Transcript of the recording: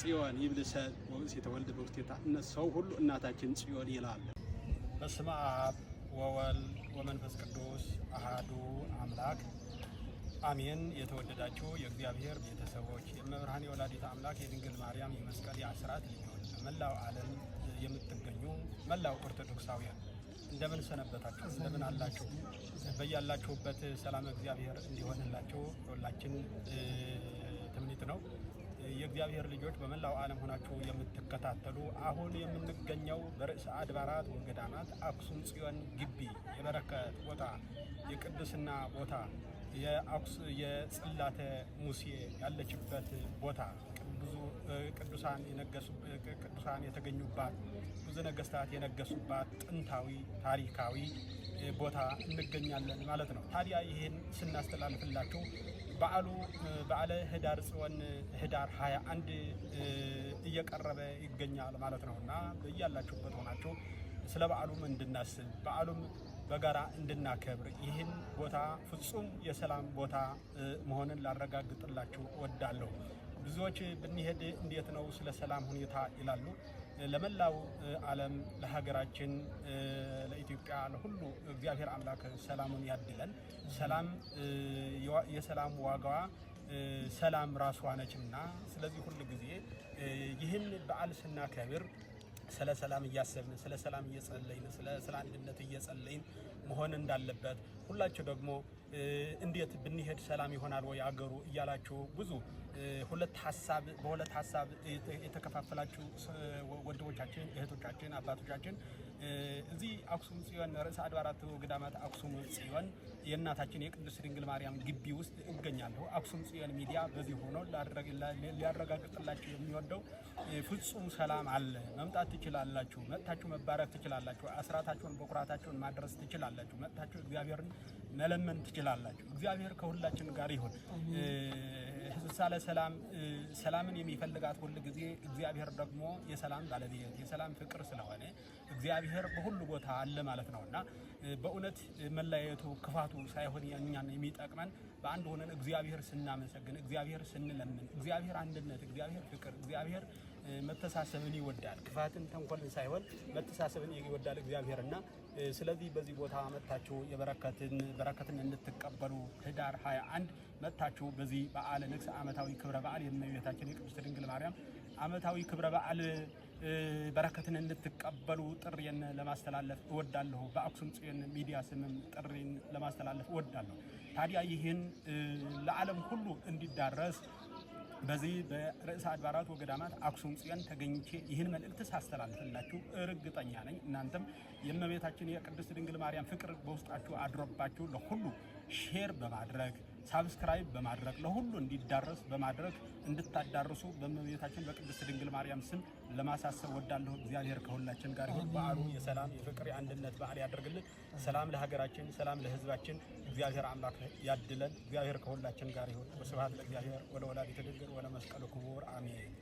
ጽዮን ይብልሰን ወብእሲተ ወልድ በውስቴታነት ሰው ሁሉ እናታችን ጽዮን ይላል። በስመ አብ ወወልድ ወመንፈስ ቅዱስ አሃዱ አምላክ አሜን። የተወደዳችሁ የእግዚአብሔር ቤተሰቦች የመብርሃን የወላዲት አምላክ የድንግል ማርያም የመስቀል የአስራት ልጆች በመላው ዓለም የምትገኙ መላው ኦርቶዶክሳውያን እንደምን ሰነበታችሁ? እንደምን አላችሁ? በያላችሁበት ሰላም እግዚአብሔር እንዲሆንላችሁ ሁላችን ትምኒት ነው። የእግዚአብሔር ልጆች በመላው ዓለም ሆናችሁ የምትከታተሉ አሁን የምንገኘው በርዕሰ አድባራት ወገዳማት አክሱም ጽዮን ግቢ የበረከት ቦታ፣ የቅድስና ቦታ፣ የጽላተ ሙሴ ያለችበት ቦታ ቅዱሳን ቅዱሳን የተገኙባት ብዙ ነገስታት የነገሱባት ጥንታዊ ታሪካዊ ቦታ እንገኛለን ማለት ነው። ታዲያ ይህን ስናስተላልፍላችሁ በዓሉ በዓለ ህዳር ጽዮን ህዳር 21 እየቀረበ ይገኛል ማለት ነው እና እያላችሁበት ሆናችሁ ስለ በዓሉም እንድናስብ በዓሉም በጋራ እንድናከብር ይህን ቦታ ፍጹም የሰላም ቦታ መሆንን ላረጋግጥላችሁ እወዳለሁ። ብዙዎች ብንሄድ እንዴት ነው ስለ ሰላም ሁኔታ ይላሉ። ለመላው ዓለም ለሀገራችን ለኢትዮጵያ ለሁሉ እግዚአብሔር አምላክ ሰላሙን ያድለን። ሰላም የሰላም ዋጋዋ ሰላም ራሷ ነችና፣ ስለዚህ ሁል ጊዜ ይህን በዓል ስናከብር ስለ ሰላም እያሰብን ስለ ሰላም እየጸለይን ስለ አንድነት እየጸለይን መሆን እንዳለበት ሁላችሁ ደግሞ እንዴት ብንሄድ ሰላም ይሆናል ወይ አገሩ እያላችሁ ብዙ ሁለት ሀሳብ በሁለት ሀሳብ የተከፋፈላችሁ ወንድሞቻችን፣ እህቶቻችን፣ አባቶቻችን እዚህ አክሱም ጽዮን ርዕሰ አድባራት ገዳማት አክሱም ጽዮን የእናታችን የቅዱስ ድንግል ማርያም ግቢ ውስጥ እገኛለሁ። አክሱም ጽዮን ሚዲያ በዚህ ሆኖ ሊያረጋግጥላችሁ የሚወደው ፍጹም ሰላም አለ። መምጣት ትችላላችሁ። መጥታችሁ መባረክ ትችላላችሁ። አስራታችሁን በኩራታችሁን ማድረስ ትችላላችሁ። መጥታችሁ እግዚአብሔርን መለመን ትችላላችሁ። እግዚአብሔር ከሁላችን ጋር ይሁን። ህዝሳለ ሰላም ሰላምን የሚፈልጋት ሁል ጊዜ እግዚአብሔር ደግሞ የሰላም ባለቤት የሰላም ፍቅር ስለሆነ እግዚአብሔር በሁሉ ቦታ አለ ማለት ነው እና በእውነት መለያየቱ ክፋቱ ሳይሆን እኛን የሚጠቅመን በአንድ ሆነን እግዚአብሔር ስናመሰግን፣ እግዚአብሔር ስንለምን፣ እግዚአብሔር አንድነት፣ እግዚአብሔር ፍቅር፣ እግዚአብሔር መተሳሰብን ይወዳል። ክፋትን ተንኮልን ሳይሆን መተሳሰብን ይወዳል እግዚአብሔርና ስለዚህ በዚህ ቦታ መጥታችሁ የበረከትን በረከትን እንድትቀበሉ ህዳር 21 መጥታችሁ በዚህ በዓለ ንግስ ዓመታዊ ክብረ በዓል የእመቤታችን የቅድስት ድንግል ማርያም ዓመታዊ ክብረ በዓል በረከትን እንድትቀበሉ ጥሪን ለማስተላለፍ እወዳለሁ። በአክሱም ጽዮን ሚዲያ ስምም ጥሪን ለማስተላለፍ እወዳለሁ። ታዲያ ይህን ለዓለም ሁሉ እንዲዳረስ በዚህ በርዕሰ አድባራት ወገዳማት አክሱም ጽዮን ተገኝቼ ይህን መልእክት ሳስተላልፍላችሁ እርግጠኛ ነኝ እናንተም የእመቤታችን የቅድስት ድንግል ማርያም ፍቅር በውስጣችሁ አድሮባችሁ ለሁሉ ሼር በማድረግ ሳብስክራይብ በማድረግ ለሁሉ እንዲዳረስ በማድረግ እንድታዳርሱ በእመቤታችን በቅድስት ድንግል ማርያም ስም ለማሳሰብ ወዳለሁ። እግዚአብሔር ከሁላችን ጋር ይሁን። በዓሉ የሰላም የፍቅር፣ የአንድነት በዓል ያደርግልን። ሰላም ለሀገራችን፣ ሰላም ለሕዝባችን እግዚአብሔር አምላክ ያድለን። እግዚአብሔር ከሁላችን ጋር ይሁን። ስብሐት ለእግዚአብሔር ወለወላዲቱ ድንግል ወለመስቀሉ ክቡር አሜን።